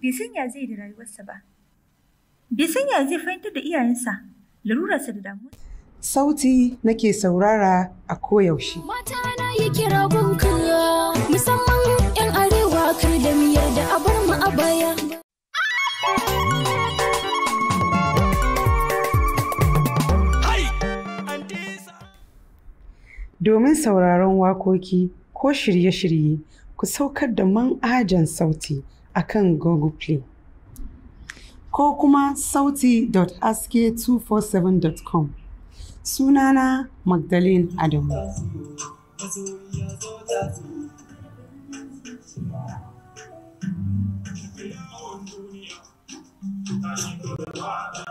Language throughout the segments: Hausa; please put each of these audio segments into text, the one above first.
Bai ya zai da rayuwarsa ba. Bai ya zai fahimtar da iyayensa, larurarsa da Sauti nake saurara a koyaushe. Mata na yi kira gunka musamman Domin sauraron waƙoƙi ko shirye-shirye, ku saukar da ajin Sauti a kan Google Play ko kuma sautiask 247com Sunana Magdalene Adamu. Thank you.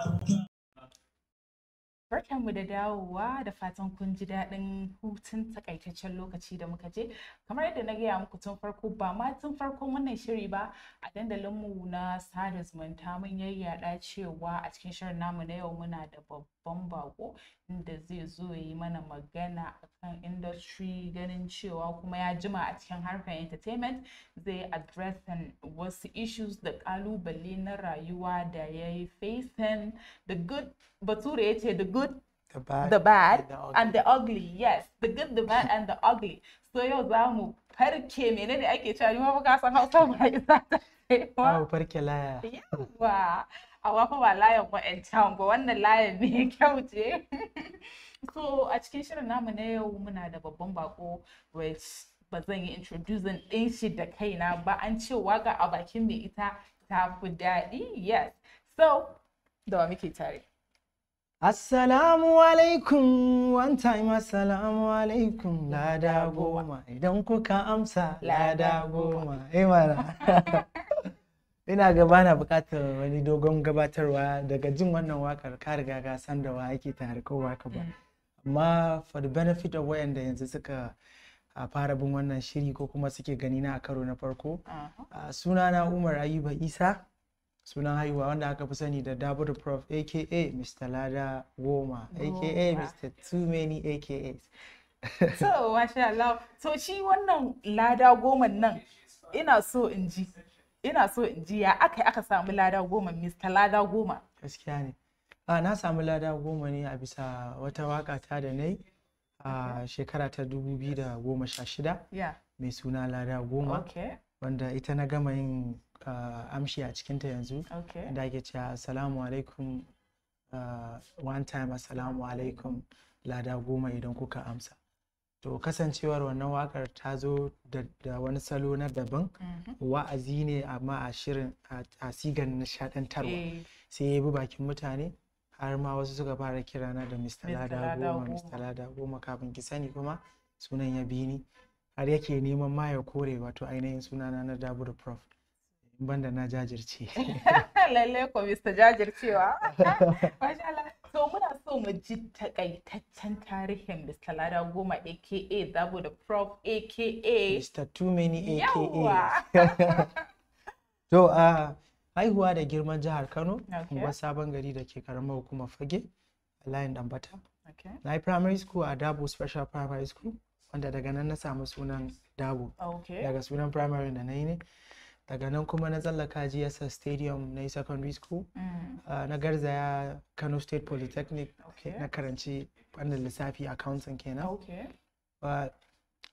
mu da dawowa da fatan kun ji daɗin hutun takaitaccen lokaci da muka je. Kamar yadda na gaya muku tun farko ba ma tun farkon wannan shiri ba a dandalinmu na sada zumunta mun yayyada cewa a cikin shirin namu na yau muna da babban babban bako inda zai zo yi mana magana akan industry ganin cewa kuma ya jima a cikin harkar entertainment zai addressing wasu issues the kalubale na rayuwa da facing the good bature ya the good the bad, the bad and, the and the ugly yes the good the bad and the ugly so yau zamu farke menene ake cewa ni ma baka san hausa ba isa ta farke laya Wow. a wafa ba layan wa'ancan ba wannan layan ne kyau ce so a cikin shirin namu na yau muna da babban bako which ba zan yi introducing ɗin shi da kaina ba an ce waka a bakin mai ita ta fi daɗi yes so da wa muke tare Assalamu alaikum, one time assalamu alaikum, lada goma, idan kuka amsa lada goma, imana. Eh, ina ga bana bukatar wani dogon gabatarwa daga jin wannan wakar ka riga ga san da wa ake tare ko waka ba mm. amma for the benefit of wayanda yanzu suka a ah, fara bin wannan shiri ko kuma suke gani na a karo na farko ah, suna na umar ayuba isa sunan haihuwa wanda aka fi sani da double prof aka mr lada goma aka mr too many akas so masha Allah so shi wannan lada goma nan ina so in ji ina so in ji ya aka aka samu lada goma mr lada goma gaskiya ne a na samu lada goma ne a bisa wata waka ta da nai a shekara ta 2016 mai suna lada goma wanda ita na gama yin amshi a cikinta yanzu da ake cewa assalamu alaikum one time assalamu alaikum lada goma idan kuka amsa to kasancewar wannan wakar ta zo da wani salo na daban mm-hmm. wa'azi ne amma a shirin a sigan nishadantarwa eh. sai ya bi bakin mutane har ma wasu suka fara kirana da Mr. Lada goma Mr. Lada kafin ki sani kuma sunan ya bini har yake neman ma ya kore wato ainihin sunana na Dabur Prof banda na jajirce lalle ko Mr. jajircewa majid takaitaccen tarihin Mr. Lada Goma aka Zabo da Prof aka Mr. Too Many aka To a haihuwa da girman jihar Kano kuma sabon gari da ke karamar hukumar Fage a layin Dambata. Na yi primary school a Dabo Special Primary School wanda daga nan na samu sunan Dabo. Daga sunan primary da na yi ne. daga nan kuma na tsallaka GSS stadium na yi secondary school mm. ah, na garzaya Kano State Polytechnic na karanci ɓangaren lissafi accounting kenan a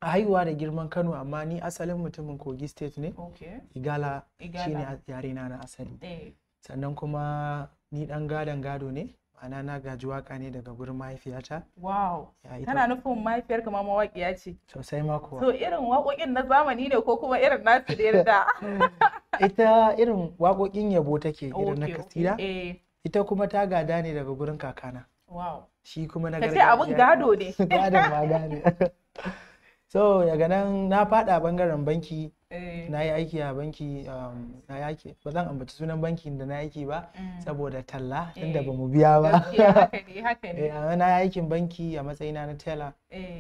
haihuwa da girman Kano amma ni asalin mutumin Kogi State ne Igala shine yare na na asali eh. sannan kuma ni dan gadon gado ne ma'ana na gaji waka ne daga gurin mahaifiyata wow tana nufin mahaifiyar kama mawaƙiya ce sosai ma kuwa so irin waƙoƙin na zamani ne ko kuma irin na nasu da yarda ita irin waƙoƙin yabo take irin na kasida eh. ita kuma ta gada ne daga gurin kakana wow shi kuma na gargajiya kace abun gado ne gadon ma gado. so yaga nan na faɗa bangaren banki Eh, na yi aiki a banki um, na yi aiki ba zan ambaci sunan bankin da na aiki ba mm. saboda talla tunda eh. ba mu biya ba eh, na yi aikin banki a matsayina na tela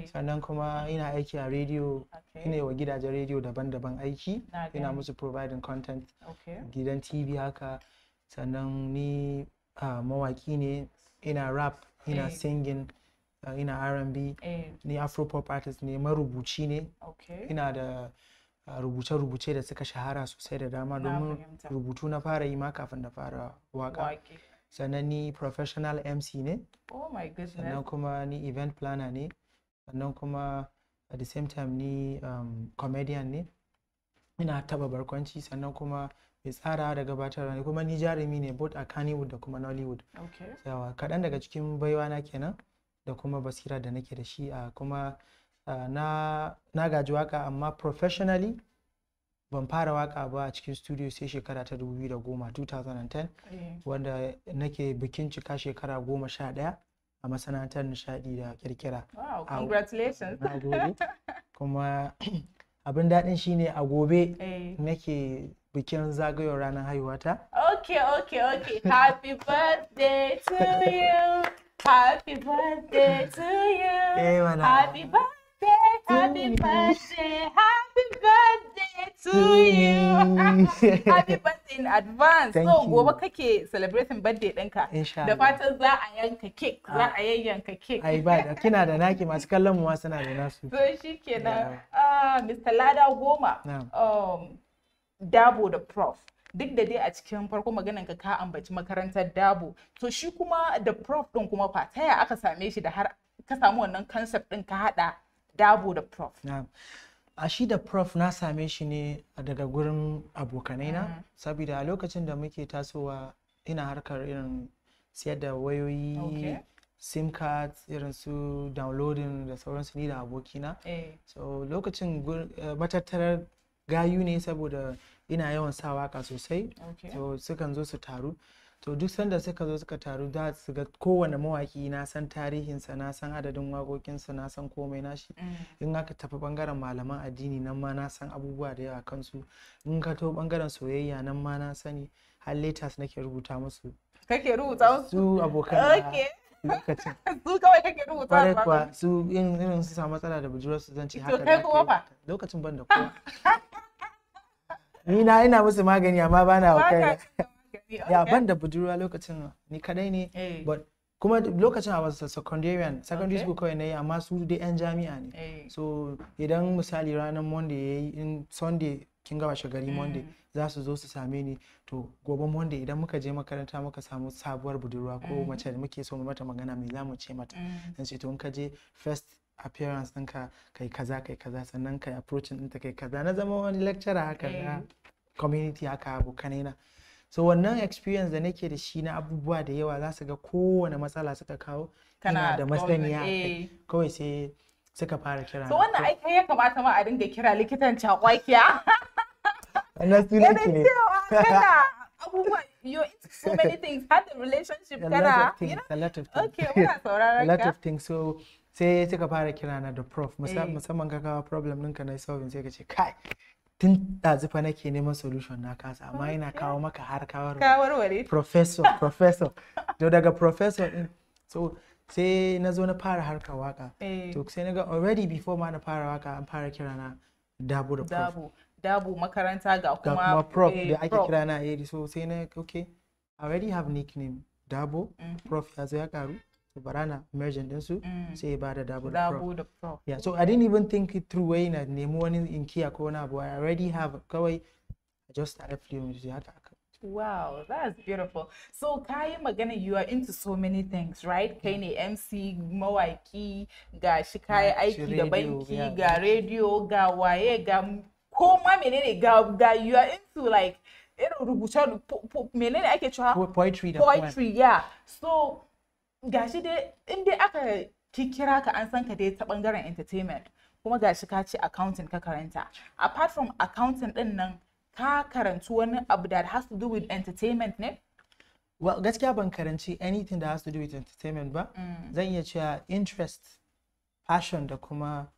sannan kuma ina aiki a rediyo ina wa gidajen rediyo daban-daban aiki ina musu providing content gidan tv haka sannan ni ah, mawaki ne ina rap ina singing ah, ina R&B ni afro artist ne marubuci ne ina da rubuce-rubuce da suka shahara sosai da dama domin rubutu na fara yi ma kafin da fara waka sannan ni professional mc ne oh sannan kuma ni event planner ne sannan kuma at the same time ni um, comedian ne ina taba barkwanci sannan kuma mai tsara da gabatarwa ne kuma ni jarumi ne both a kannywood da kuma nollywood okay. kaɗan daga cikin baiwa na kenan da kuma basira da nake da shi a kuma Ah, na gaji waka amma professionally ban fara waka ba a cikin studio sai shekara ta 2010 eh. wanda nake bikin cika shekara goma sha ɗaya a masana'antar nishadi da kirkira. Wow, congratulations. Na gobe, Kuma abin daɗin shine a gobe eh. nake bikin zagayowar ranar haihuwata. Okay, okay, okay. Happy birthday to you. Happy birthday to you. Eh, Happy birthday. happy birthday, happy birthday to you. happy birthday in advance. Thank so gobe kake celebrating birthday ɗinka. Da fatan za a yanka cake, za a yayyanka cake. Ai ba da kina da naki masu kallon mu ma suna da nasu. So shikenan. Ah, Mr. Lada Goma. Um, Dabo da Prof. duk da dai a cikin farko maganan ka ka ambaci makarantar dabo to shi kuma da prof din kuma fa taya aka same shi da har ka samu wannan concept din ka hada dabo da prof a shi da prof na same shi ne daga gurin abokanai na mm-hmm. saboda a lokacin da muke tasowa ina harkar irin siyar da wayoyi sim card irin su downloading da sauransu ni da abokina eh. so lokacin eh, matattarar gayu ne saboda ina yawan sa waka sosai so sukan zo su taru to duk sanda suka zo suka taru za su ga kowane mawaki na san tarihinsa na san adadin waƙoƙinsa na san komai nashi mm. in aka tafi bangaren malaman addini nan ma na san abubuwa da yawa kansu in ka to bangaren soyayya nan ma na sani har letters nake rubuta musu kake rubuta musu su abokan lokacin su kawai kake rubuta ba kuwa su irin su samu matsala da bujurar su zan ce haka kai kuma lokacin ban da kowa ni na ina musu magani amma bana wa kai ya ban da budurwa lokacin ni kadai ne eh. kuma lokacin a wasu secondarian secondary school kawai na yi amma su dai yan jami'a ne eh. so idan misali ranar monday ya yi in sunday kin gaba shagari monday mm. za su zo su same ni to gobe monday idan muka je makaranta muka samu sabuwar budurwa ko mm. mace da muke so mu mata magana mai za mu ce mata mm. zan ce to in ka je first appearance ɗinka kai kaza kai kaza sannan kai approaching ɗinta kai kaza na zama wani lecturer haka eh. na community haka abokanai na so wannan experience da nake da shi na abubuwa da yawa za su ga kowane matsala suka kawo ina da masaniya eh. kawai sai suka fara kira so wannan aiki ya kamata ma a dinga kira likitan cakwakiya wannan su ne ke abubuwa you so many things had the relationship a lot of things, a lot of things okay muna sauraron ka a lot of things so sai suka fara kira na da prof eh. musamman ka kawo problem ɗinka na solving sai ka ce kai tun ɗazufa nake neman solution na kasa amma yana kawo maka har kawarware professor professor to daga professor din so sai na zo na fara harka waka eh. to sai na ga already before ma na fara waka an fara kira na dabo da prof dabu makaranta ga kuma prof eh, da ake kira na so sai na okay i already have nickname dabo mm-hmm. prof ya zo ya karu barana merging ɗinsu mm. sai ya bada dabu da pro yeah so i didn't even think it through way na nemi wani inkiya ko wani abu i already have kawai i just started flowing with haka Wow, that's beautiful. So Kayi Magana, you are into so many things, right? Kai ne MC, mawaƙi, ga Shikai, kayi aiki da banki, ga rediyo, ga waye, ga ko ma menene ga ga you are into like irin rubuce menene ake cewa poetry da poetry, yeah. So gashi dai in dai aka kira ka an san ka dai ta bangaren entertainment kuma gashi ka ce accounting ka karanta apart from accounting din nan ka karanci wani abu da has to do with entertainment ne well gaskiya ban karanci anything that has to do with entertainment ba mm. zan iya cewa interest passion da kuma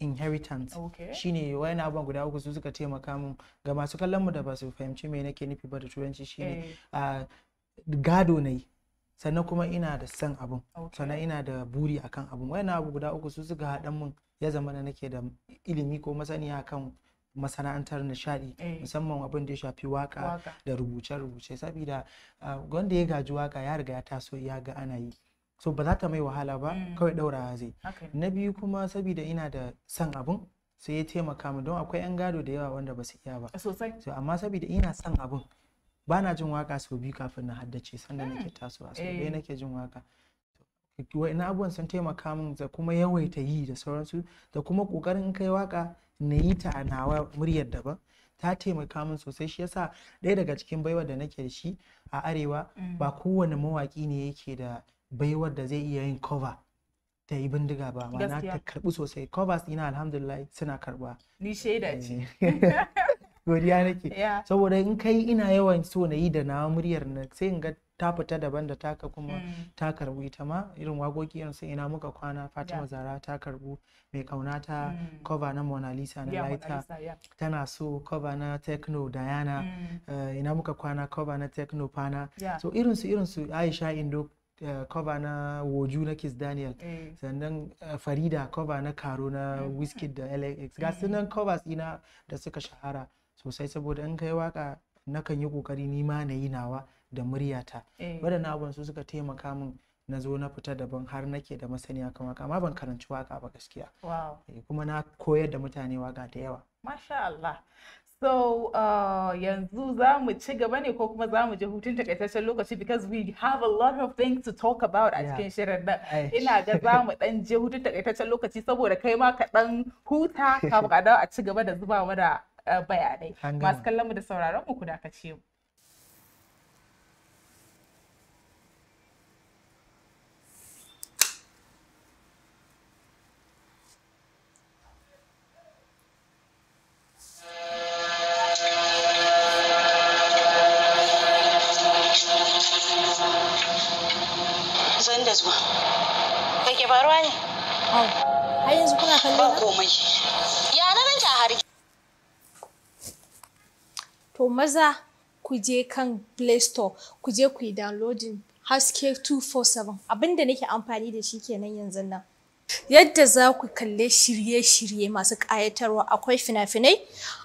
inheritance okay. shine wani abin guda uku su suka taimaka mun ga masu kallon mu da ba su fahimci me nake nufi ba da turanci shine eh. ah, gado na yi sannan kuma ina da son abun sannan ina da buri akan abun wayannan abu guda uku su suka haɗan mun ya zama da nake da ilimi ko masaniya kan masana'antar nishaɗi. Eh. musamman abin da ya shafi waka da rubuce-rubuce saboda ah, wanda ya gaji waka ya riga ya taso ya ga ana yi so ba za ta mai wahala ba mm. kawai ɗaura zai na biyu kuma saboda ina da san abun sai ya taimaka min don akwai 'yan gado da yawa wanda ba su iya ba sosai amma saboda ina san abun ba na jin waka sau biyu kafin na haddace sanda hmm. nake tasowa sau na eh. nake jin waka wa'ina abubuwan sun taimaka min da kuma yawaita yi da sauransu da kuma ƙoƙarin in kai waka na yi ta a nawa muryar daban ta taimaka min sosai shi yasa ɗaya daga cikin baiwar da nake da shi a arewa hmm. ba kowane mawaƙi ne yake da baiwar da zai iya yin cover ta yi bindiga ba Na ta karɓi sosai covers ina alhamdulillah suna karɓa ni shaida ce eh. godiya nake saboda in kai ina yawan so na yi da na muryar na sai in ga ta fita daban da taka kuma hmm. ta karbu ita ma irin wagoki irin sai ina muka kwana Fatima Zara ta karbu mai kauna ta hmm. cover na Mona Lisa na Laita tana so cover na Techno Diana hmm. eh, ina muka kwana cover na Techno Pana so irin su irin su Aisha Indo eh, cover na woju na kiss daniel eh. sannan farida cover na karo na wizkid da lx ga nan covers ina da suka shahara sosai saboda in kai waka na kan yi kokari ni ma na yi nawa da muryata eh. na abun su suka taimaka min na zo na fita daban har nake da masaniya kan waka amma ban karanci waka ba gaskiya eh, kuma na koyar da mutane waka da yawa masha Allah So uh, yanzu za mu ci gaba ne ko kuma za mu je hutun takaitaccen lokaci because we have a lot of things to talk about a cikin shirin nan. Ina ga za mu dan je hutun takaitaccen lokaci saboda kai ma ka dan huta ka kafin a ci gaba da zuba mada da Eh, bayanai masu kallon mu da sauraron mu ku dakace mu maza ku je kan Play Store ku je ku yi downloading Haske 247 abinda nake amfani da shi kenan yanzu nan. Yadda za ku kalle shirye-shirye masu ƙayatarwa akwai fina-finai,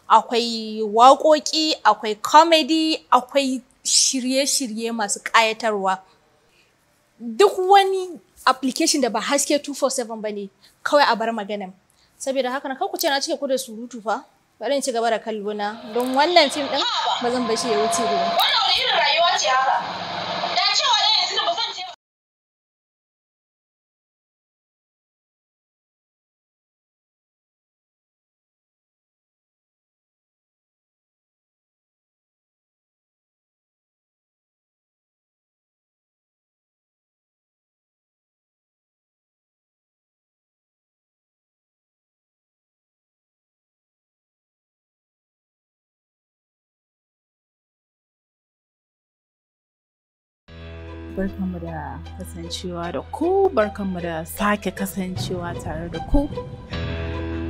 akwai waƙoƙi, akwai comedy, akwai shirye-shirye masu ƙayatarwa. Duk wani application da ba haske 247 ba ne kawai a bar magana. Saboda haka na ku ce na cike ku da surutu fa. farin ci gaba da kalbuna don wannan fim din ba zan bashi ya wuce ba barkanmu da kasancewa da ku barkanmu da sake kasancewa tare da ku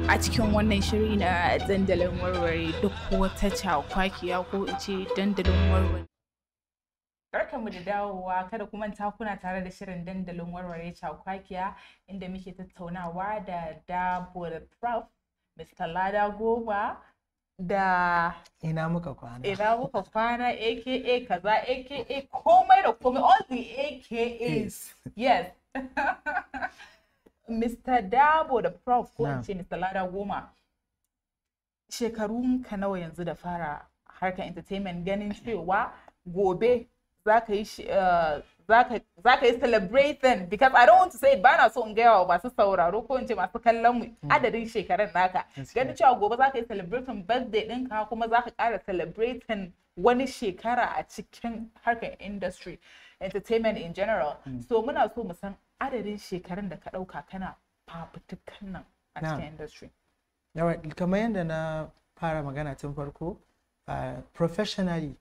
a cikin wannan shiri na dandalin warware duk wata cakwakiya ko in ce dandalin warware barkanmu da dawowa kada kuma ta kuna tare da shirin dandalin warware cakwakiya inda muke tattaunawa da dabo da prof mr lada goba da ina muka kwana ina muka kwana aka kaza aka komai da komai all the akas yes mr dabo da prof ko in ce mr lada goma shekarun ka nawa yanzu da fara harkar entertainment ganin cewa gobe zaka yi eh, yi celebrating because I don't want to say ba na so in gaya wa masu sauraro ko in ce masu kallon mu hmm. adadin shekaran naka ganin cewa gobe zaka yi celebrating birthday ɗinka kuma zaka ƙara celebrating wani shekara a cikin harkar industry entertainment in general hmm. so muna so mu san adadin shekarun da ka ɗauka kana fafutukan nan a cikin industry kamar yadda na fara magana tun farko ah, professionally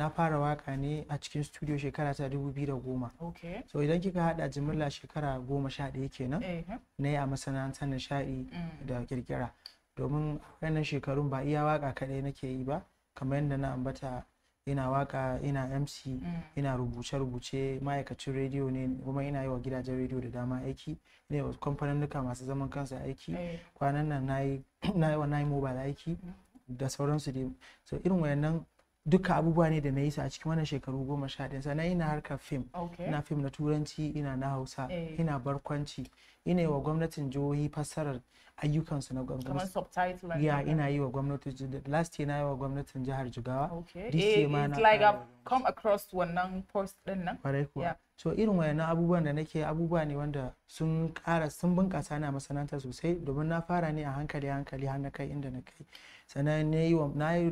na fara waka ne a cikin studio shekara ta 2010 so idan kika hada jimilla shekara goma sha ɗaya kenan eh. na yi a masana'antar nishaɗi mm. da kirkira domin wannan shekarun ba iya waka kaɗai nake yi ba kamar yadda na ambata ina waka ina mc mm. ina rubuce-rubuce ma'aikacin rediyo ne kuma ina yi wa gidajen rediyo da dama aiki ne wa kamfaninnuka masu zaman kansa aiki eh. kwanan nan na yi wa mobile aiki mm. da sauransu dai so irin wayannan duka abubuwa ne da na yi su a cikin wannan shekaru goma sha ɗaya sannan ina harkar fim ina fim na turanci ina na hausa eh. ina barkwanci ina yi wa gwamnatin jihohi fassarar ayyukansu na gwamnati ya ina yi wa gwamnatin last year na yi wa gwamnatin jihar jigawa this eh, year ma na like come across wannan post din nan kwarai kuwa so irin wayannan abubuwan da nake abubuwa ne wanda sun kara sun bunkasa na masana'anta sosai domin na fara ne a hankali hankali har na kai inda na kai sannan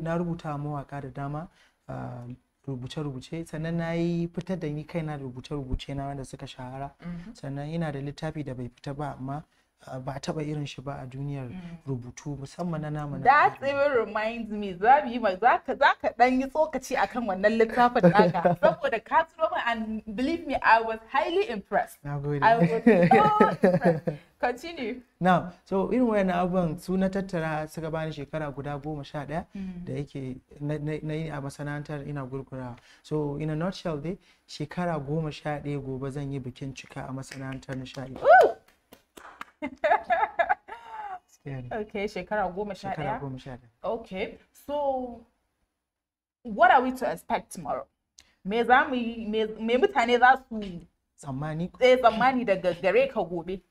na rubuta mawaka da dama rubuce-rubuce sannan na yi fitar da ni kaina rubuce-rubuce na wanda suka shahara mm-hmm. sannan yana da littafi da bai fita ba amma ba a taba irin shi ba a duniyar mm. rubutu musamman na namu that even reminds me za mu yi ma za ka za ka dan yi tsokaci akan wannan littafin naka saboda ka turo min and believe me I was highly impressed gode I was so impressed continue now so irin wayannan abubuwan su na tattara suka bani shekara guda goma sha daya mm. da yake na yi a masana'antar ina gurgurawa so in a nutshell dai shekara goma sha daya gobe zan yi bikin cika a masana'antar daya. okay, shekara goma sha Shekara goma sha Okay, so what are we to expect tomorrow? Me za mu me mutane za su tsammani eh tsammani daga gare ka gobe.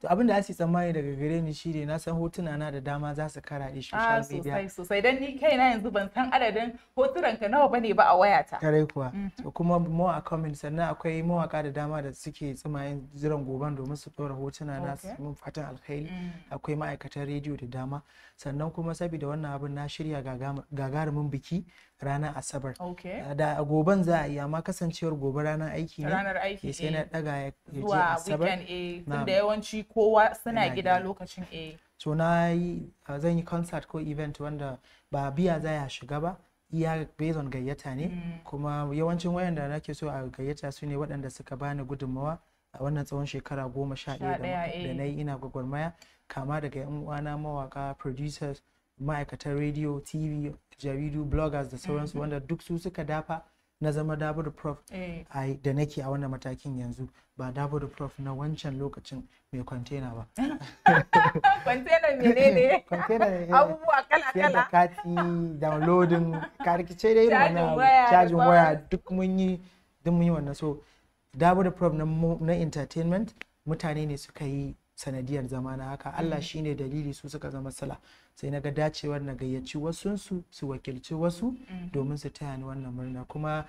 to abin da ake tsammani daga gare ni shine na san hotuna na da dama za su karaɗe social ah, media sosai sosai dan ni kaina yanzu ban san adadin hotunan ka nawa bane ba a wayata kare kuwa mm-hmm. to kuma mu a comment sannan akwai mawaka da dama da suke yin jiran goban domin su ɗora hotuna na mun fatan alkhairi mm. akwai ma'aikatan rediyo da dama sannan kuma saboda wannan abin na shirya gagarumin biki ranar asabar ah, da goben za a yi amma kasancewar gobe ranar aiki ne ranar aiki eh, sai na daga eh, ya je asabar weekend eh, da yawanci kowa suna gida lokacin a To na yi ah, zan yi concert ko event wanda ba biya za ya shiga ba iya based gayyata ne mm. kuma yawancin wayan wayanda nake so a gayyata su ne waɗanda suka bani gudunmawa a wannan tsawon shekara goma sha ɗaya da na yi ina gwagwarmaya kama daga yan uwana mawaka producers ma'aikatan radio tv jaridu bloggers da sauransu mm. wanda duk su suka dafa na zama dabo da prof eh. da nake a wannan matakin yanzu ba dabo da prof na wancan lokacin mai kwantena ba kwantena menene eh, abubuwa kala kala da kati downloading karkice da irin wannan cajin waya duk mun yi duk mun yi wannan so dabo da prof na entertainment mutane ne suka yi sanadiyar zama na haka mm. Allah shi ne dalili su suka zama sala sai na ga dacewar na gayyaci wasunsu su wakilci wasu mm. domin su taya ni wannan murna kuma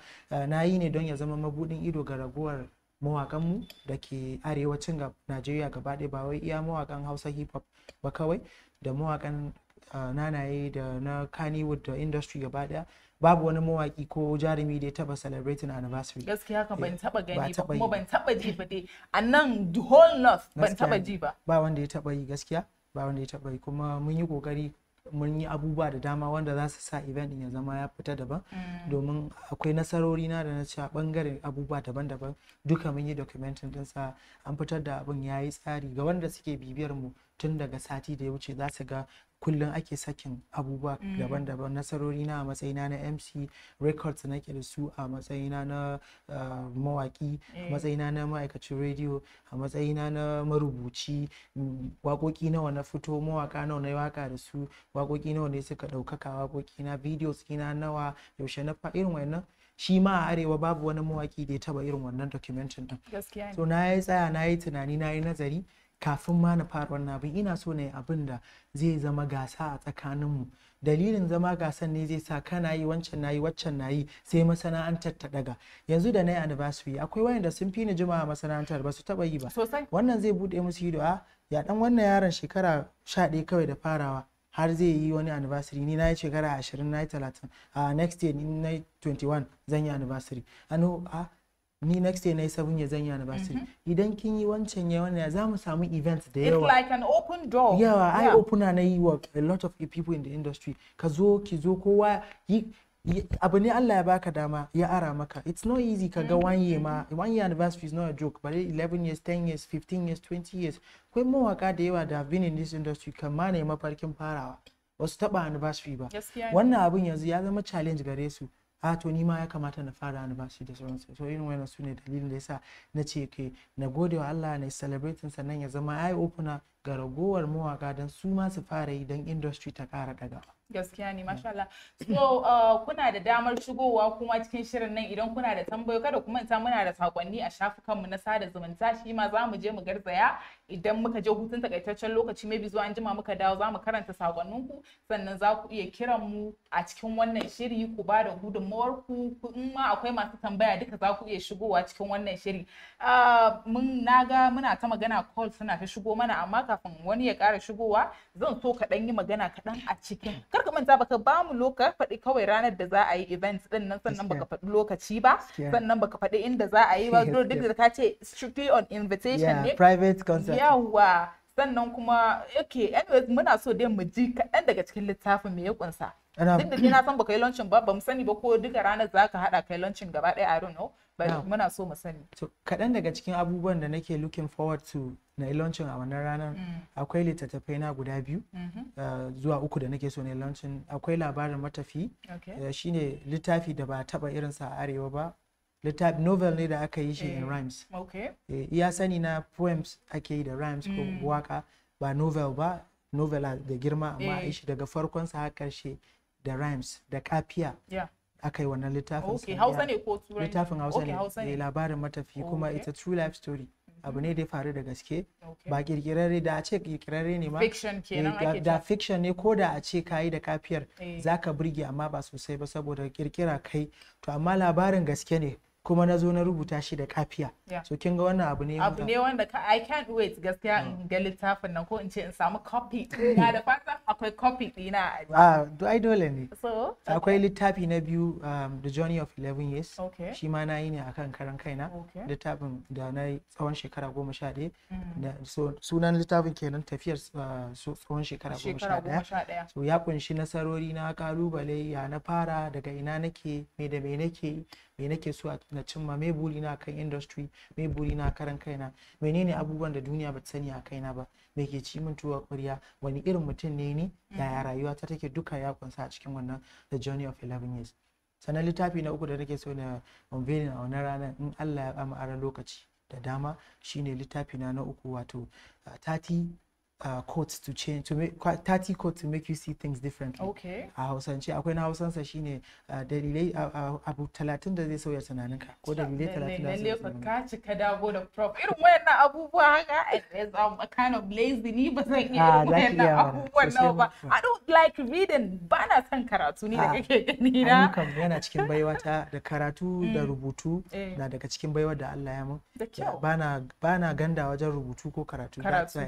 na yi ne don ya zama mabudin ido ga raguwar mawakanmu da ke arewacin ga Najeriya gaba ɗaya ba wai iya mawakan Hausa hip hop ba kawai da mawakan nanaye da na Kannywood da industry gaba ɗaya babu wani mawaki ko jarumi da ya taba celebrating anniversary gaskiya ka ban eh, taba gani ba kuma ban taba ji ba dai a nan the whole north ban taba ji ba ba wanda ya taba yi gaskiya ba wanda ya taba yi kuma mun yi kokari mun yi abubuwa da dama wanda za su sa event ya zama ya fita daban mm. domin akwai nasarori na da na ci a bangaren abubuwa daban-daban duka mun yi documentin sa an fitar da abin ya yi tsari ga wanda suke bibiyar mu tun daga sati da ya wuce za su ga kullum ake sakin abubuwa mm. daban-daban nasarori na a matsayina na mc records na da su a matsayina na ah, mawaki a eh. matsayina na ma'aikacin rediyo a matsayina na marubuci mm, waƙoƙi nawa na fito mawaka nawa na waka da su waƙoƙi nawa ne suka ɗaukaka waƙoƙi na videos na nawa yaushe na irin wannan shi ma a arewa babu wani mawaki da ya taba irin wannan documentin din so na yi tsaya na yi tunani na yi nazari kafin ma na fara wannan abin ina so na yi abin da zai zama gasa a tsakaninmu dalilin zama gasan ne zai sa kana yi wancan na yi waccan na yi sai masana'antar ta daga yanzu da na yi anniversary akwai wayanda sun fi ni jima'a masana'antar ba su taba yi ba wannan zai bude musu ido a ah, ya dan wannan yaron shekara sha ɗaya kawai da farawa har zai yi wani anniversary ni na yi shekara ashirin na yi talatin a ah, next year ni na yi 21 zan yi anniversary ano a ah, ni next year na yi sabon ya zan yi basir mhm. idan kin yi wancan ya wani za mu samu events da yawa it's like an open door yawa ai open na yi work a lot of people in the industry ka zo ki zo kowa yi abu ne Allah ya baka dama ya ara maka it's not easy ka ga mm-hmm. one year ma one year anniversary is not a joke but 11 years 10 years 15 years 20 years akwai mawaka da yawa da have been in this industry kan ma ne mafarkin farawa ba su taba anniversary ba wannan abin yanzu ya zama challenge gare su a to ni ma ya kamata na fara bashi da sauransu to irin wannan su ne dalilin da yasa na ce ke na gode wa Allah na celebrating sannan ya zama eye opener ga ragowar mawaka don su ma su fara yi don industry ta kara daga gaskiya ne mashallah so uh, kuna da damar shigowa kuma cikin shirin nan idan kuna da tambayo kada kuma ta muna da sakonni a shafukanmu na sada zumunta shi ma za mu je mu garzaya idan muka je hutun takaitaccen lokaci mai zuwa an jima muka dawo za mu karanta sakonninku sannan za ku iya kiran mu a cikin wannan shiri ku ba da gudunmawar ku in ma akwai masu tambaya duka za ku iya shigowa cikin wannan shiri uh, mun ga muna ta magana call suna ta shigo mana amma kafin wani ya ƙara shigowa zan so ka ɗan yi magana kaɗan a cikin kar ka manta baka ba mu loka faɗi kawai ranar da za a yi events ɗin nan sannan baka faɗi lokaci ba sannan baka faɗi inda za a yi ba duk da ka ce strictly on invitation ne private concert yawa sannan kuma yake anyways muna so dai mu ji kaɗan daga cikin littafin me ya kunsa duk da na san baka yi launching ba ba mu sani ba ko duka ranar za ka haɗa kai launching gaba ɗaya I don't know but muna so mu sani to kaɗan daga cikin abubuwan da nake looking forward to na launching a wannan ranar mm. akwai littattafai na guda biyu mm-hmm. uh, zuwa uku da nake so na launching akwai labarin matafi uh, shine littafi da ba taba irinsa a arewa ba littafi novel ne da aka yi shi in eh, rhymes eh, iya sani na poems ake yi da rhymes ko mm. waka ba novel ba novel da girma amma a eh. shi daga farkonsa har karshe da rhymes da kafiya aka yi wannan littafin okay littafin hausa ne eh, labarin matafi kuma ita true life story mm-hmm. abu ne da ya faru da gaske ba kirkirarre da a ce kirkirarre ne ma eh, da fiction ne ko da a ce kayi da kafiyar eh. zaka burge amma ba sosai ba saboda kirkira kai to amma labarin gaske ne kuma na zo na rubuta shi da kafiya so kin ga wannan abu ne abu ne wanda ka I can't wait gaskiya mm. in ga littafin nan ko in ce in samu copy na da fatan akwai copy dina a do ah, i dole ne so akwai littafi na biyu um, the journey of 11 years shi ma na yi ne akan karan kaina littafin da na yi tsawon shekara goma sha ɗaya mm. sunan littafin kenan tafiyar uh, tsawon shekara goma sha ɗaya so ya kunshi nasarori na kalubale ya na fara daga ina nake me da me nake me nake so na cimma me burina na kan industry me buri na karan kaina menene abubuwan da duniya bata sani a kaina ba me ke ci min tuwa ƙwarya wani irin mutum ne ni yaya mm-hmm. rayuwa ta take duka ya kunsa a cikin wannan the journey of 11 years sannan littafi na uku da nake so na unveiling a wannan rana in Allah ya ba aran lokaci da dama shine littafi na na uku wato 30 uh, uh, coats to change to make quite 30 coats to make you see things differently okay a hausance akwai na hausansa shine uh, dalilai abu 30 da zai sauya tunaninka ko dalilai 30 da zai sauya ka dago da irin wayannan abubuwa haka as eh, eh, a kind of lazy ni ba zan iya ah, wayannan abubuwan nawa ba I don't like reading ba na son karatu ni da ah, kake gani na ayyukan yana cikin baiwa ta da karatu mm. da rubutu eh. na daga cikin baiwa da Allah ya mun Ba na ganda wajen rubutu ko karatu karatu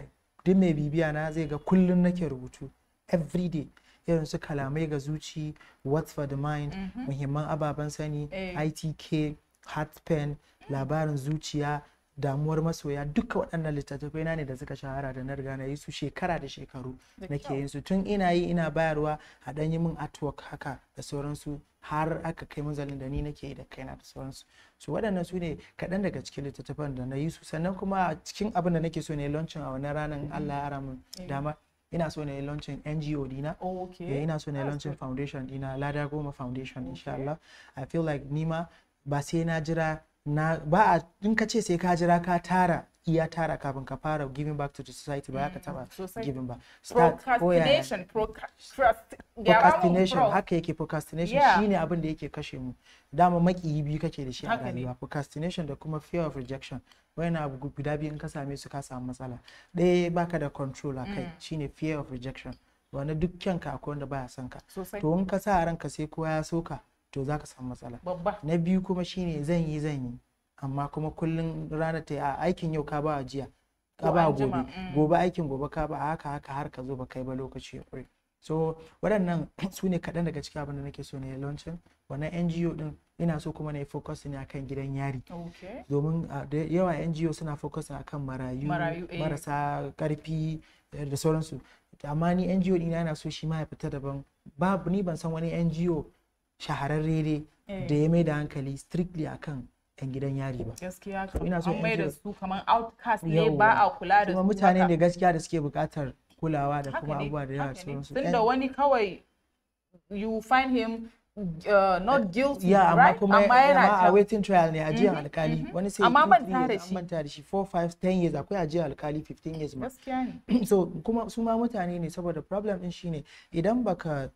duk mai bibiya na zai ga kullum nake rubutu everyday irin su kalamai ga zuci what's for the mind mhm. muhimman ababen sani eh. itk heart pain labarin zuciya damuwar masoya duka waɗannan littattafai na ne da suka shahara da na riga na yi su shekara da shekaru nake yin su tun ina yi ina bayarwa a ɗan yi min artwork haka da sauransu har aka kai mazalin da ni nake da kaina da sauransu su waɗannan su ne kaɗan daga cikin littattafan da na yi su sannan kuma cikin abin da nake so ne launching a wani ranar Allah ya ramin eh. dama ina so ne launching NGO dina ya eh, ina so ne launching foundation dina Lada Goma Foundation insha Allah I feel like nima ba sai na jira na ba a in ka ce sai ka jira ka tara iya tara kafin ka fara giving back to the society ba ka mm, taba giving ba oh, procrastination procrastination haka yake procrastination shine abin da yake kashe mu dama makiyi biyu kake da shi a rayuwa procrastination da kuma fear of rejection wani abu guda biyu in ka same su ka samu matsala ɗaya baka da control a kai mm. shine fear of rejection wani duk kyanka akwai wanda baya son ka to in ka sa ranka sai kowa ya soka to zaka samu matsala na biyu kuma shine zan yi zan yi amma kuma kullum rana ta a aikin yau ka ba jiya ka ba gobe mm. gobe aikin gobe ka ba haka haka har ka zo ba kai ba lokaci ya kure so waɗannan su ne kaɗan daga cikin abin da nake so ne launching wannan ngo din ina so kuma na yi focus ne akan gidan yari domin da yawa ngo suna focus akan marayu eh. marasa ƙarfi eh, da sauransu amma ni ngo ɗina yana so shi ma ya fita daban babu ni ban san wani ngo shahararre eh. da ya mai da hankali strictly akan 'yan gidan yari ba gaskiya ina so mai da su kamar outcast ne ba a kula da su mutane ne gaskiya da suke buƙatar kulawa da kuma abubuwa da yawa sauransu tunda wani kawai you find him Uh, not eh, guilty yeah, right amma kuma amma a waiting trial ne ajiyar mm-hmm, alkali mm-hmm. wani sai amma manta da shi manta da shi 4 5 10 years akwai ajiyar alkali 15 years ma gaskiya ne so kuma su ma mutane ne saboda problem din shine idan baka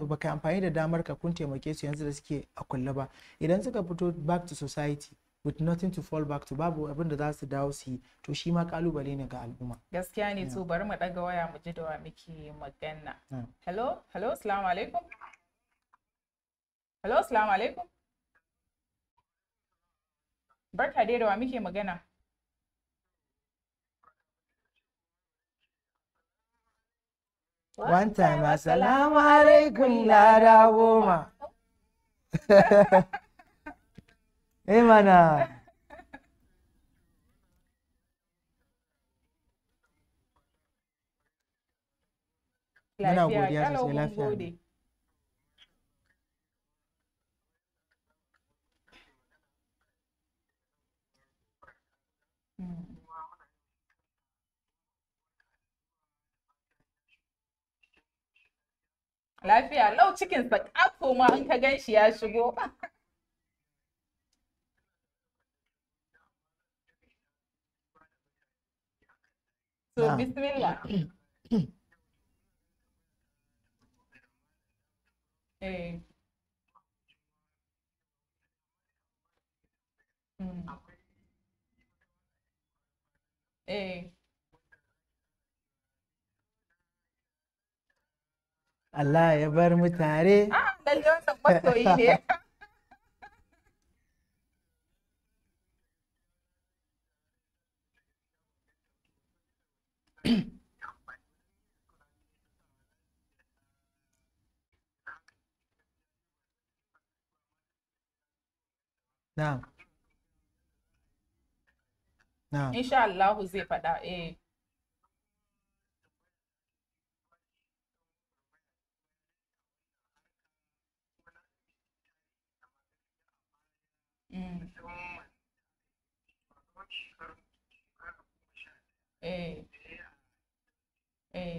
baka amfani da damar ka kun taimake su yanzu da suke a kulle ba idan suka fito back to society with nothing to fall back to babu abin da za su dawo su yi to shi ma kalubale ne ga al'umma gaskiya ne to bari mu daga waya mu ji da wa muke magana hello hello assalamu alaikum Hello, salam alaikum. Barka dai da wa muke magana. One time, assalamu alaikum lada goma. Eh mana. Muna godiya sosai lafiya. mm lafiya chickens, but sa ƙato ma in ka gan shi ya shigo so bismillah eh mm. Hey. Allah ya bar mu tare. Ah, lalle wannan masoyi ne. insha Allah zai faɗa eh mm. Eh. Eh.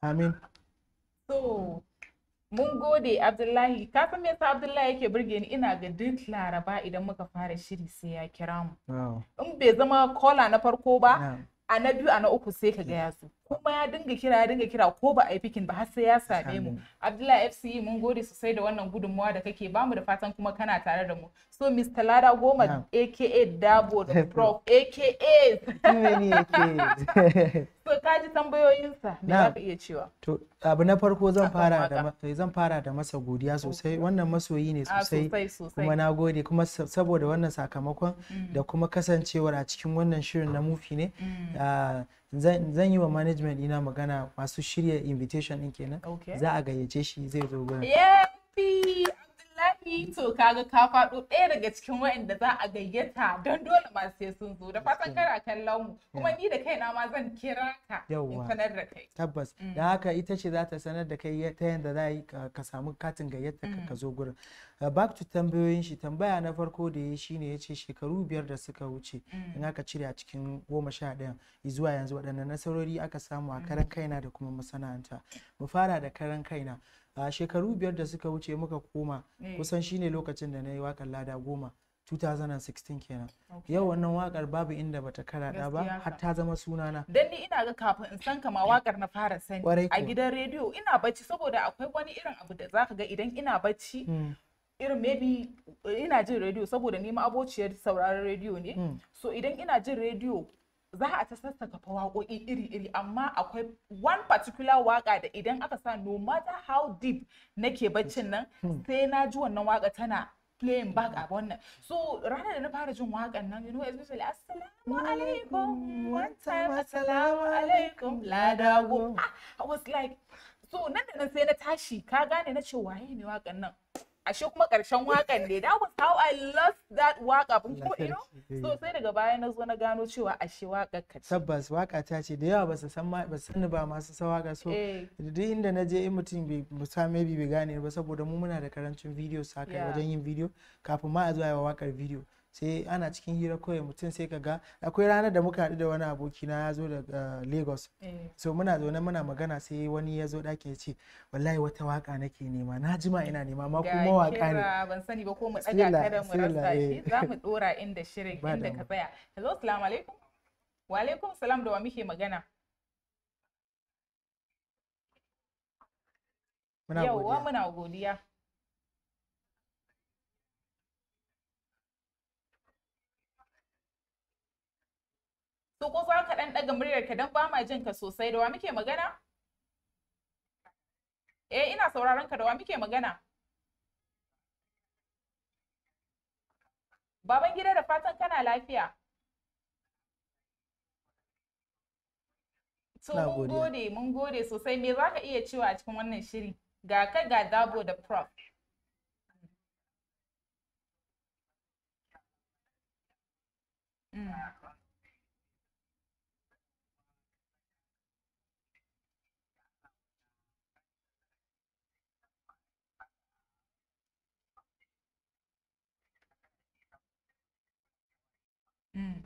amin so mun gode abdullahi kafin abdullahi yake burge ni ina ga duk laraba idan muka fara shiri sai ya kira mu in bai zama kola na farko ba a na biyu a na uku sai ka gaya su kuma ya dinga kira ya dinga kira ko ba a yi fikin ba har sai ya same mu abdullahi fce mun gode sosai da wannan gudunmawa da kake bamu da fatan kuma kana tare da mu so mr lada goma aka dabo da prof aka to ka ji tambayoyinsa me za ka iya cewa to abu na farko zan eh, fara da masa godiya sosai wannan masoyi ne ah, sosai kuma na gode kuma saboda wannan sakamakon mm. da kuma kasancewar a cikin wannan shirin na mufi ne mm. ah, zan yi wa management ina magana masu shirya invitation din kenan za a gayyace shi zai zo gurin lafi to kaga ka faɗo ɗaya daga cikin waɗanda za a gayyata don dole ma sai sun zo da fatan kana kallon mu kuma ni da kaina ma zan kira ka in sanar da kai. Tabbas mm. da haka ita ce za ta sanar da kai ta yadda za yi ka samu katin gayyata ka mm. zo gurin. Uh, back to tambayoyin shi tambaya na farko da ya shi ne ya ce shekaru biyar da suka wuce mm. in aka cire a cikin goma sha ɗaya zuwa yanzu waɗanda nasarori aka samu a karan kaina da kuma masana'anta. Mu fara da karan kaina. a shekaru biyar da suka wuce muka koma eh. kusan shine lokacin da na yi wakar lada goma 2016 kenan yau wannan wakar babu inda bata karada ba har ta zama sunana dan ni ina ga kafin in san kama wakar na fara sani a gidan rediyo ina bacci saboda akwai wani irin abu da zaka ga idan ina bacci hmm. irin maybe eh, ina jin rediyo saboda ni ma abociyar sauraron rediyo ne hmm. so idan ina jin rediyo za a ta sassaka waƙoƙi iri-iri amma akwai one particular waƙa da idan aka sa no matter how deep nake baccin nan hmm. sai na ji wannan waƙa tana playing back a wannan so ranar da na fara jin waƙan nan you know especially assalamu alaikum one time assalamu alaikum ladago ah, I was like so nan da nan sai na tashi ka gane na ce waye ne waƙan nan ashe kuma karshen wakan ne that was how I lost that waka ko eh. so sai daga baya na zo na gano cewa ashe waka ka ce. tabbas waka ta ce da yawa ba su san ma ba sani ba masu sawaka so eh. duk inda na je in mutum bai musa maybe bai gane ba saboda mu muna da karancin video saka wajen yin video kafin ma a zo a yi wakar video sai ana cikin hira kawai mutum sai kaga akwai ranar da muka haɗu da wani aboki na ya zo daga eh, lagos eh. so muna zaune muna magana sai wani ya zo ɗaki ya ce wallahi wata waka nake nema na jima ina nema ma kuma waka ne ban sani ba ko mu tsaga kada mu rasa shi eh. za mu ɗora inda shirin inda ka tsaya hello assalamu alaikum wa alaikum salam da wa muke magana muna godiya muna godiya So ko za ka daga muryar muryarka don ba ma jin ka sosai da wa muke magana? Eh ina sauraron ka da wa muke magana? Baban gida da fatan kana lafiya. To mun gode, mun gode sosai. Me za ka iya cewa a cikin wannan shiri? Ga ka ga dabo da prof. Mm.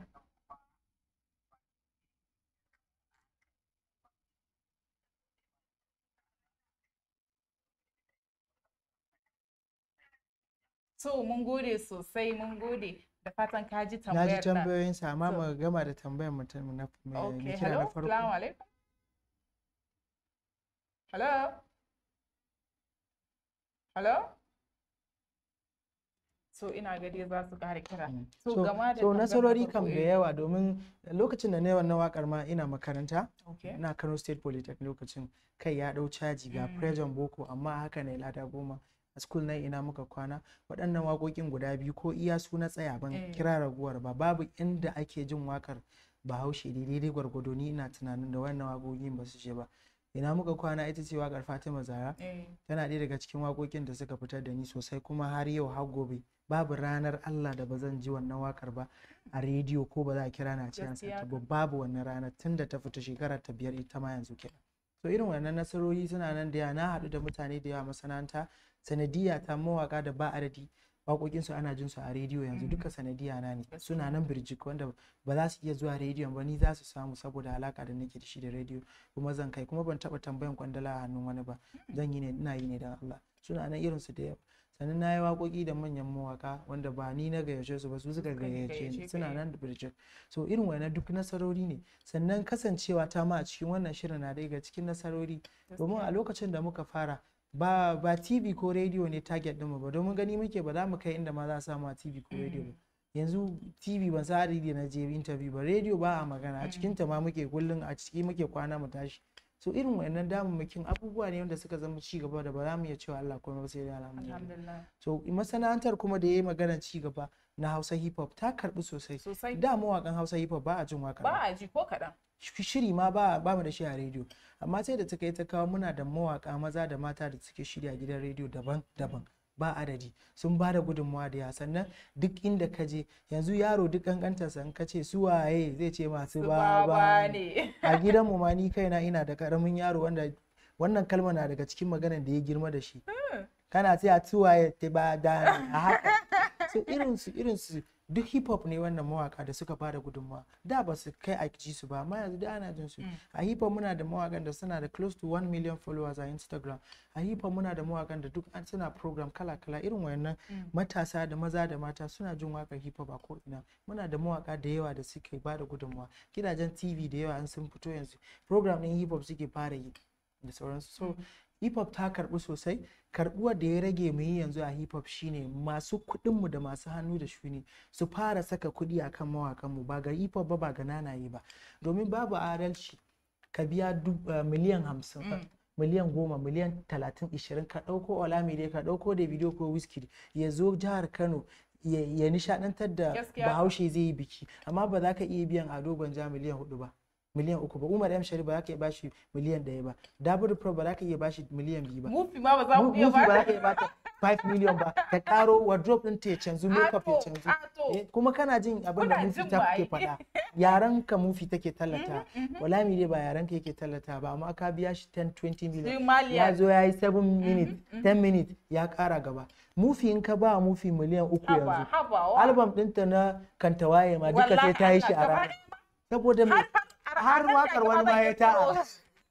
So, mun gode sosai mun gode da fatan ka ji tambayar Na ji tambayoyin sa amma mu gama da tambayar mutum na mai kira na farko. Assalamu alaikum. Hello? Hello? so ina gani za su kare kira mm. so gama da so nasarori kam da eh. yawa domin lokacin da na wannan wakar ma ina makaranta na Kano State Polytechnic lokacin kai ya dau caji ga mm. pressure boko amma haka ne lada goma a school nan ina muka kwana waɗannan waƙoƙin guda biyu ko iya su na tsaya ban eh. kira raguwar ba babu inda ake jin wakar bahaushe daidai gwargwado ni ina tunanin da wannan wakokin ba su je ba ina muka kwana ita ce wakar fatima zara eh. tana ɗaya daga cikin waƙoƙin da suka fitar da ni sosai kuma har yau har gobe babu ranar allah da ba zan ji wannan wakar ba a rediyo ko ba za a kira na ce an ba babu wannan rana tun da ta fita shekara ta biyar ita ma yanzu kenan so irin wannan nasarori suna nan da yawa na haɗu da mutane da yawa masana'anta sanadiyya ta mawaƙa da ba adadi waƙoƙinsu ana jin su a rediyo yanzu duka mm. sanadiya na ne suna nan birjik wanda ba za su iya zuwa rediyon ba ni za su samu saboda alaka da nake da shi da rediyo kuma zan kai kuma ban taɓa tambayan kwandala a hannun wani ba mm. zan yi ne ina yi ne don Allah suna nan irinsu da yawa sannan na yi waƙoƙi da manyan mawaka wanda ba ni na gayyace su ba su suka gayyace ni suna nan da birjik so irin wannan duk nasarori ne sannan kasancewa ta ma a cikin wannan shirin na daga cikin nasarori domin a lokacin da muka fara ba ba tv ko radio ne target ɗinmu ba domin gani muke ba za mu kai inda ma za a samu a tv ko radio ba mm. yanzu tv ban sa da na je interview ba radio ba a magana a cikin ta ma muke kullun a ciki muke kwana mu tashi so irin wayannan damammakin abubuwa ne wanda suka zama ci gaba da ba za mu iya cewa Allah kuma ba sai da alhamdulillah so masana'antar kuma da yayi magana ci gaba na Hausa hip hop ta karbi sosai da mawakan Hausa hip hop ba a jin waka ba a ji ko kadan shiri ma ba mu da shi a rediyo amma sai da ta kai ta kawo muna da mawaka maza da mata da suke shirya gidan rediyo daban-daban ba adadi sun ba da gudunmawa da sannan duk inda ka je yanzu yaro duk kankanta san ka ce su waye zai ce masu baba ne a gidan mu ma ni kaina ina da karamin yaro wanda wannan kalma na daga cikin maganar da ya girma da shi hmm. kana sai a tuwaye ta ba da haka su irin su irin su duk hip hop ne wannan mawaka da suka bada gudunmawa da ba su kai a ji su ba amma yanzu da ana jin su mm. a hip hop muna da mawakan da suna da close to 1 million followers a Instagram a hip hop muna da mawakan da duk an suna program kala kala irin wayannan mm. matasa da maza da mata suna jin wakar hip hop a ko ina muna da mawaka da yawa da suke bada gudunmawa gidajen TV da yawa an sun fito yanzu program din hip hop suke fara yi da sauransu so mm. hip hop ta karbu sosai karbuwar da ya rage mu yi yanzu a hip hop shine masu kuɗin mu da masu hannu da shuni su fara saka kuɗi akan mawakan mu ba ga hip hop ba ba ga nanaye ba domin babu adalci ka biya eh, miliyan hamsin mm. miliyan goma miliyan talatin ishirin ka dauko olamide ka dauko da bidiyo ko whiskey ya zo jihar kano ya nishadantar da bahaushe zai yi biki amma ba za ka iya biyan ado gwanja miliyan hudu ba miliyan uku ba umar yam sharif ba za ka iya bashi miliyan ɗaya ba dabur pro ba za ka iya bashi miliyan biyu ba mufi ma ba za ku iya ba za ka iya bata 5 million ba ka karo wardrobe ɗin ta ya canzu makeup ya canzu eh, kuma kana jin abin da mufi ta ke faɗa yaran ka mufi take tallata mhm, mhm. wala mi dai ba yaran ka yake tallata ba amma ka biya shi 10 20 million ya zo ya yi 7 mhm, minute ten minute ya kara gaba mufi in ka ba mufi miliyan uku yanzu album ɗinta na kantawaye ma duka sai ta yi shi a rana saboda mai har wakar wani ma ya ta'a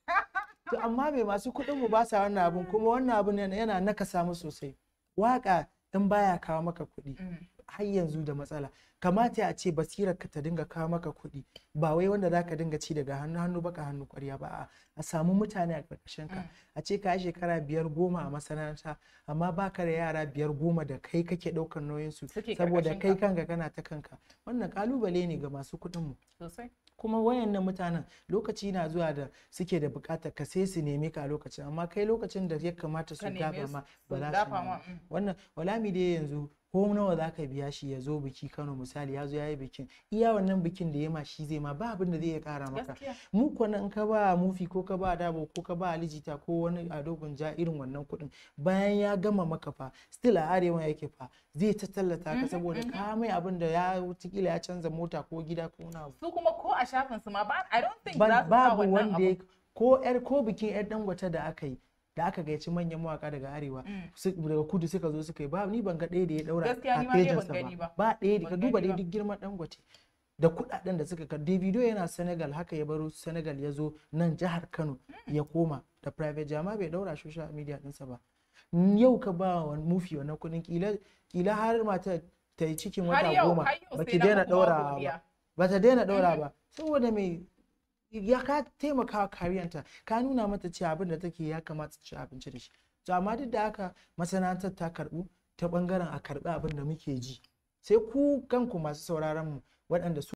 to amma mai masu kuɗin mu ba sa wannan abun kuma wannan abun yana naka samu sosai waka in baya kawo maka kuɗi mm. har yanzu da matsala kamata a ce basirar ka ta dinga kawo maka kuɗi ba wai wanda za ka dinga ci daga hannu hannu baka hannu kwarya ba a samu mutane a ƙarƙashin ka mm. a ce ka shekara biyar goma a masana'anta amma baka da yara biyar goma da kai kake ɗaukar nauyinsu saboda kai kanka kana ta kanka wannan kalubale ne ga masu kuɗin mu kuma wayannan mutanen lokaci na zuwa da suke da bukatar ka sai su nemi ka lokacin amma kai lokacin da ya kamata su dafa ma ba za su mm. wannan walami dai yanzu ko nawa za ka biya shi ya zo biki kano misali ya zo ya yi bikin iya wannan bikin da ya ma shi zai ma ba abin da zai kara maka mu kwana in ka ba mufi ko ka ba dabo ko ka ba alijita ko wani adogun ja irin wannan kuɗin bayan ya gama maka fa still a arewa yake fa zai ta tallata ka mhm, saboda ka mhm. mai abin da ya kila ya canza mota ko gida ko na su kuma ko a shafin su ma ba i don't think za su wannan abu ko ko bikin yar dangwata da aka yi da aka gayyaci manyan mawaka daga arewa mm. daga kudu suka zo suka yi ba ni ban ga ɗaya da ya daura a fejinsa ba ba ɗaya da ka duba dai duk girman dangote da kudaden da suka kar. Davido yana senegal haka ya baro senegal ya zo nan jihar kano mm. ya koma da private jama bai daura social media dinsa ba yau ka ba wa mufi wannan kudin kila har mata ta yi cikin wata goma ba ki daina daura ba ba ta daina daura ba saboda mai ya ka taimaka kariyanta ka nuna mata cewa abin da take ya kamata ci abinci da shi to amma duk da haka masana'antar ta karbu ta bangaren a karbi abin da muke ji sai ku kanku masu sauraron mu waɗanda su